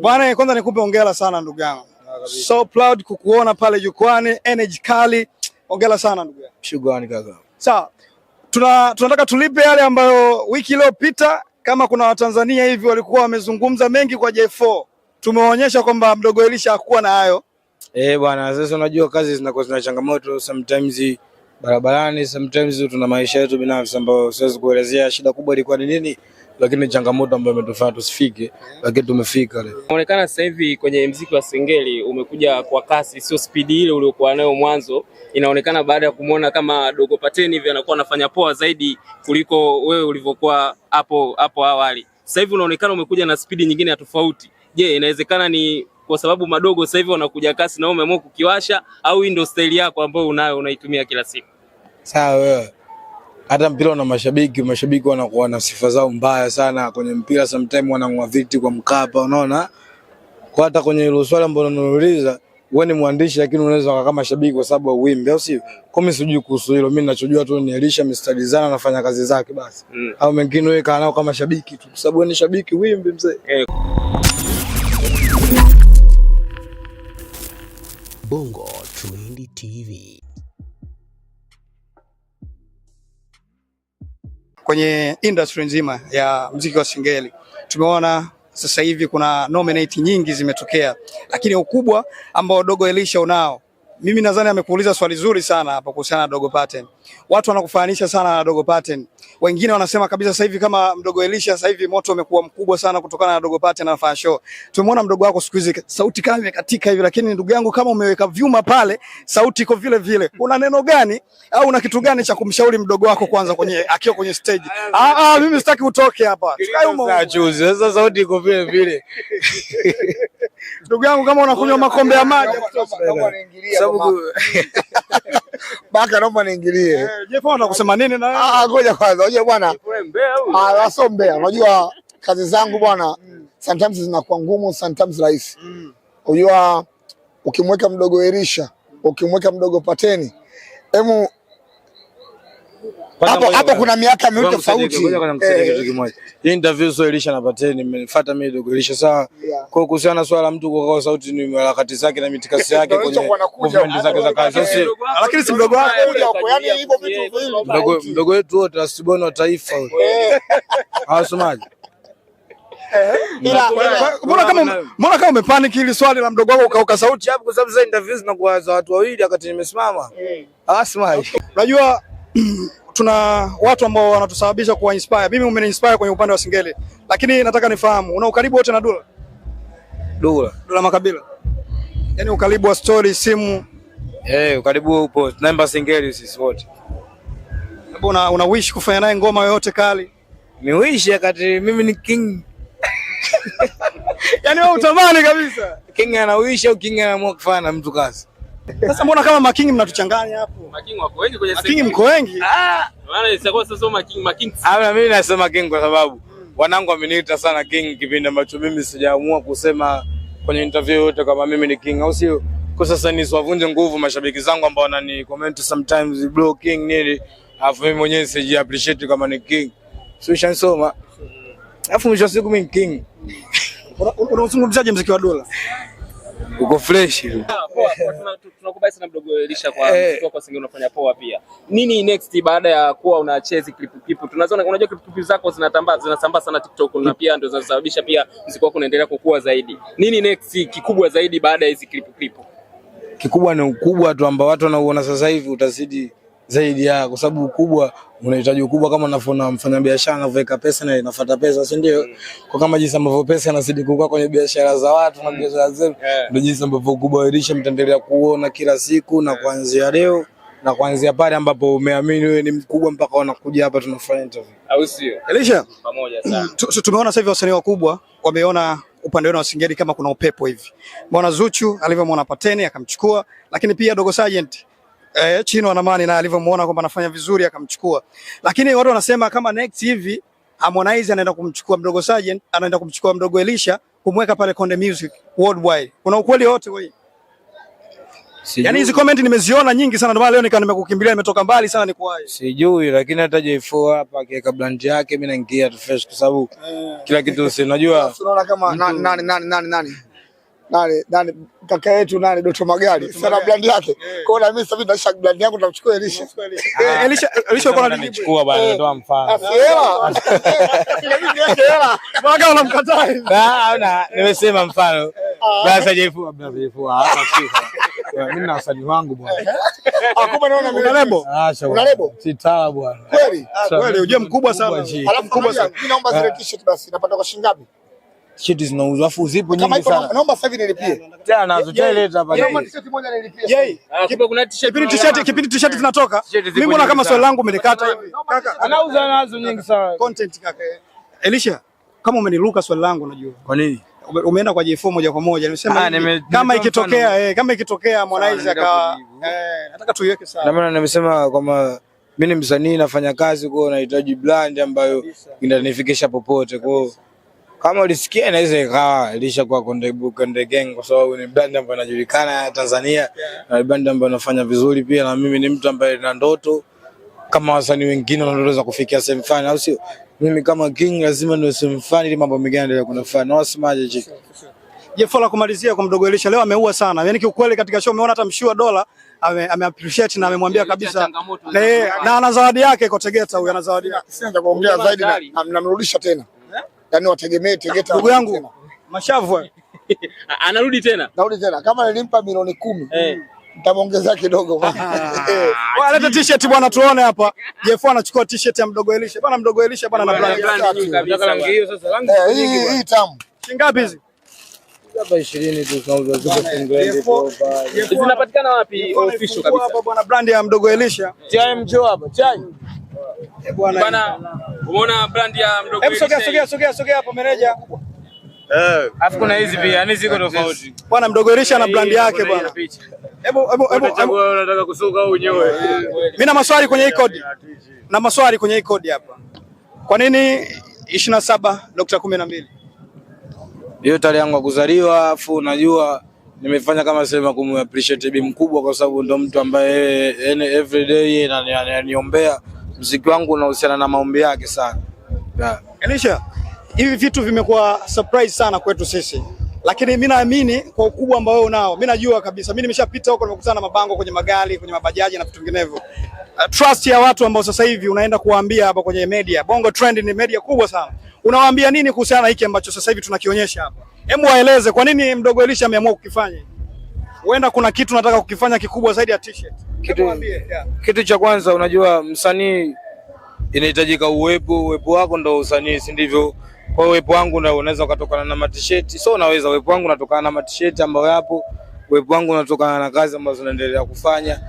Bwana, kwanza nikupe hongera sana ndugu yangu. So proud kukuona pale jukwani, energy kali. Hongera sana ndugu yangu. Shukrani kaka. Sawa. Tuna, tunataka tulipe yale ambayo wiki iliyopita kama kuna Watanzania hivi walikuwa wamezungumza mengi kwa J4. Tumeonyesha kwamba mdogo Elisha hakuwa na hayo. Eh, bwana, sasa unajua kazi zinakuwa zina changamoto sometimes barabarani, sometimes tuna maisha yetu binafsi ambayo siwezi kuelezea shida kubwa ilikuwa ni nini lakini changamoto ambayo imetufanya tusifike, lakini tumefika leo. Inaonekana sasa hivi kwenye mziki wa Singeli umekuja kwa kasi, sio spidi ile uliokuwa nayo mwanzo. Inaonekana baada ya kumwona kama Dogo Pateni hivi anakuwa anafanya poa zaidi kuliko wewe ulivyokuwa hapo hapo awali. Sasa hivi unaonekana umekuja na spidi nyingine ya tofauti. Je, inawezekana ni kwa sababu madogo sasa hivi wanakuja kasi na umeamua kukiwasha, au hii ndio staili yako ambayo unayo unaitumia kila siku? Sawa wewe hata mpira una mashabiki, mashabiki wanakuwa na sifa zao mbaya sana kwenye mpira, sometimes wanang'oa viti kwa Mkapa, unaona. Kwa hata kwenye hilo swali ambalo niliuliza, wewe ni mwandishi lakini unaweza kama mashabiki kwa sababu uwimbi, au sio? Kwa mimi sijui kuhusu hilo, mimi ninachojua tu ni Elisha Mstalizana anafanya kazi zake basi, mm. au mengine wewe kaa nao kama shabiki tu, kwa sababu wewe ni shabiki wimbi mzee eh. Bongo Trendy TV. kwenye industry nzima ya mziki wa singeli. Tumeona sasa hivi kuna nominate nyingi zimetokea, lakini ukubwa ambao Dogo Elisha unao mimi nadhani amekuuliza swali zuri sana hapo kuhusiana na Dogo Paten. Watu wanakufananisha sana na Dogo Paten. Wengine wanasema kabisa sasa hivi kama mdogo Elisha sasa hivi moto umekuwa mkubwa sana kutokana na Dogo Paten na Fan show. Tumemwona mdogo wako siku hizi sauti kama imekatika hivi, lakini ndugu yangu, kama umeweka vyuma pale, sauti iko vile vile. Una neno gani au una kitu gani cha kumshauri mdogo wako kwanza kwenye akiwa kwenye stage? Ah ah, mimi sitaki utoke hapa. Sasa sauti iko vile vile. Ndugu yangu, kama unakunywa makombe ya maji Baka naomba niingilie. Eh, Jeff anakusema nini na wewe? Ah, ngoja kwanza. Unajua bwana. Ah, sio mbea. Unajua kazi zangu bwana sometimes zinakuwa ngumu, sometimes rahisi. Mm. Unajua ukimweka mdogo Erisha, ukimweka mdogo Pateni, hemu hapo hapo kuna miaka miwili tofauti. Eh. Hii interview sio Elisha na Pateni, mmenifuata mimi dogo Elisha sawa. Kwa kuhusiana na swala mtu kwa kwa sauti ni harakati zake na mitikasi yake kwenye movement zake za kazi. Sasa lakini si mdogo wako huyo huko, yani hivyo vitu vile Mdogo mdogo wetu wote asibone wa taifa. Eh. Hawasomaji. Eh. Mbona kama mbona kama umepanic hili swali la mdogo wako ukauka sauti hapo, kwa sababu za interview zinakuwa za watu wawili, wakati nimesimama. Unajua tuna watu ambao wanatusababisha kuwa inspire. Mimi umeniinspire kwenye upande wa singeli, lakini nataka nifahamu una ukaribu wote na Dula? Dula, Dula Makabila, yaani ukaribu wa story, simu Eh, Hey, ukaribu upo tunaimba singeli sisi wote. Hebu Una, una wish kufanya naye ngoma yoyote kali? Ni wish kati mimi ni king. Yaani wewe utamani kabisa. King ana wish au king anaamua kufanya na mtu kazi. Sasa mbona kama makingi mnatuchanganya hapo? Makingi wako wengi kwenye makingi mko wengi. Ah, Ah, maana isakuwa sasa makingi Mimi nasema king kwa sababu wanangu wameniita sana king kipindi ambacho mimi sijaamua kusema kwenye interview yote kama mimi ni king au sio? Kwa sasa ni swavunje nguvu mashabiki zangu ambao wanani comment sometimes bro king nini, alafu mimi mwenyewe siji appreciate kama ni king. Sio shansoma. Alafu mwisho siku mimi king. Unazungumzaje mziki wa dola? uko fresh. Ah, Tunakubali sana mdogo Elisha kwa mtoto kwa singe unafanya poa pia. Nini next baada ya kuwa unacheza clip clip? Tunaziona, unajua clip clip zako zinatambaa zinasambaa sana TikTok na pia ndio zinasababisha pia mziki wako unaendelea kukua zaidi. Nini next kikubwa zaidi baada ya hizi clip clip? Kikubwa ni ukubwa tu ambao watu wanauona sasa hivi utazidi zaidi ya kwa sababu ukubwa unahitaji ukubwa, kama mfanya biashara anavyoweka pesa na inafuata pesa, si ndio? Kwa kama jinsi ambavyo pesa inazidi kukua kwenye biashara za watu na mm. biashara zetu, ndio jinsi ambavyo ukubwa ilisha mtendelea kuona kila siku, na kuanzia leo na kuanzia pale ambapo umeamini wewe ni mkubwa mpaka wanakuja hapa tunafanya interview, au sio Elisha? Pamoja sana. Tumeona sasa hivi wasanii wakubwa wameona upande wenu wa Singeli kama kuna upepo hivi. Mbona Zuchu alivyomwona Pateni akamchukua, lakini pia Dogo Sergeant eh, Chino Anamani na alivyomuona kwamba anafanya vizuri akamchukua. Lakini watu wanasema kama next hivi Harmonize anaenda kumchukua mdogo Sajen, anaenda kumchukua mdogo Elisha kumweka pale Konde Music Worldwide. Kuna ukweli wote wewe? Sijui. Yaani hizi comment nimeziona nyingi sana ndio maana leo nika nimekukimbilia nimetoka mbali sana ni kwaje. Sijui lakini hata J4 hapa akiweka brand yake mimi naingia tu fresh kwa sababu eh. kila kitu si unajua. Unaona kama nani nani nani nani nani nani kaka yetu nani Doto Magari sana brand yake. Eh. Kwa hiyo na mimi sasa hivi nasha brand yangu namchukua ah, eh, Elisha. Elisha Elisha kwa uko ananichukua bwana eh, ndio mfano. Asiela. Asiela. Mwaga unamkataa. Ah, na nimesema mfano. Sasa jefu jefu hapa mimi na wasanii wangu bwana. Akuba ah, naona mimi lembo. Ah, Una lembo? Si tala bwana. Kweli? Kweli, ujue mkubwa sana. Alafu kubwa sana. Mimi naomba zile t-shirt basi. Napata kwa shilingi ngapi? shiti zinauzwa afu zipo nyingi sana. Naomba sasa hivi nilipie. Tena nazo tena leta hapa. Naomba t-shirt moja nilipie. Yeye, kipo ah, kuna t-shirt. Kipindi t-shirt, kipindi t-shirt zinatoka. Mimi mbona kama swali langu umelikata Kaka, anauza nazo nyingi sana. Content kaka. Eh. Elisha, kama umeniruka swali langu unajua. Kwa nini? Umeenda kwa j moja kwa moja. Nimesema ah, kama ikitokea eh, kama ikitokea Harmonize akawa eh, nataka tuiweke sawa. Na maana nimesema kwamba mimi ni msanii nafanya kazi kwao, nahitaji brand ambayo inanifikisha popote. kwao kama ulisikia inaweza ikawa ilisha kwa Konde Konde Gang, kwa sababu ni brand ambayo inajulikana Tanzania na yeah, brand ambayo inafanya vizuri pia, na mimi ni mtu ambaye na ndoto kama wasanii wengine wanaweza kufikia sehemu fulani, au sio? Mimi kama King lazima niwe sehemu fulani ili mambo mengine kuna kunifaa, na wasemaje chiki Jeff la kumalizia kwa mdogo Elisha leo ameua sana. Yaani kiukweli katika show umeona hata mshua dola ame, ame appreciate na amemwambia kabisa eh, na ana zawadi yake iko Tegeta huyu ana zawadi yake. Sina cha kuongea zaidi na namrudisha tena yani wategemee Tegeta. Ndugu yangu mashavu anarudi tena, narudi tena kama nilimpa milioni kumi hey. Eh. Nitamuongezea kidogo. Aleta ah, t-shirt bwana, tuone hapa. Jeff anachukua t-shirt ya mdogo Elisha bwana, mdogo Elisha bwana na brand eh, hii tamu. Shingapi hizi? Zinapatikana wapi official kabisa? Hapa bwana, brand ya mdogo Elisha. Chai mjo hapa. Chai. Eh, bwana. Umeona brand ya mdogo. Hebu sogea sogea sogea sogea hapo meneja. Eh. Afu kuna hizi pia, yani ziko tofauti. Bwana mdogo Elisha na brand yake bwana. Hebu hebu hebu unataka kusuka au unyoe? Mimi na maswali kwenye hii kodi. Na maswali kwenye hii kodi hapa. Kwa nini 27 nukta 12? Hiyo tarehe yangu ya kuzaliwa, afu unajua nimefanya kama sema kumu appreciate bi mkubwa kwa sababu ndo mtu ambaye eh, eh, every day eh, ananiombea mziki wangu unahusiana na maombi yake sana. Yeah. Elisha, hivi vitu vimekuwa surprise sana kwetu sisi, lakini mi naamini kwa ukubwa ambao wewe unao, mi najua kabisa, mi nimeshapita huko, nimekutana na mabango kwenye magari, kwenye mabajaji na vitu vinginevyo. Uh, trust ya watu ambao sasa hivi unaenda kuwaambia hapa kwenye media. Bongo Trend ni media kubwa sana, unawaambia nini kuhusiana na hiki ambacho sasa hivi tunakionyesha hapa? Hebu waeleze kwa nini mdogo Elisha ameamua kukifanya. Huenda kuna kitu nataka kukifanya kikubwa zaidi ya t-shirt kitu, yeah. kitu cha kwanza unajua msanii inahitajika uwepo, uwepo wako ndo usanii, si ndivyo? Kwa uwepo wangu unaweza ukatokana na matisheti, so unaweza uwepo wangu unatokana na matisheti ambayo yapo, uwepo wangu unatokana na kazi ambazo naendelea kufanya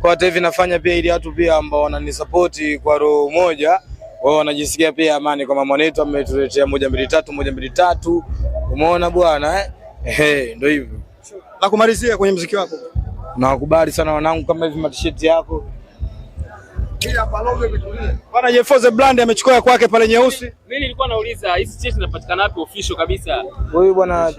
kwa hata hivi nafanya pia, ili watu pia ambao wananisapoti kwa roho moja, wao wanajisikia pia amani kwamba mwanetu ametuletea moja mbili tatu, moja mbili tatu. Umeona bwana eh? Hey, ndio hivyo. Na kumalizia kwenye muziki wako Nawakubali sana wanangu, kama hivi matisheti yako Bwana Jefoze Brand amechukua ya kwake pale nyeusi. Mimi nilikuwa nauliza hizi t-shirt zinapatikana wapi official kabisa? Huyu bwana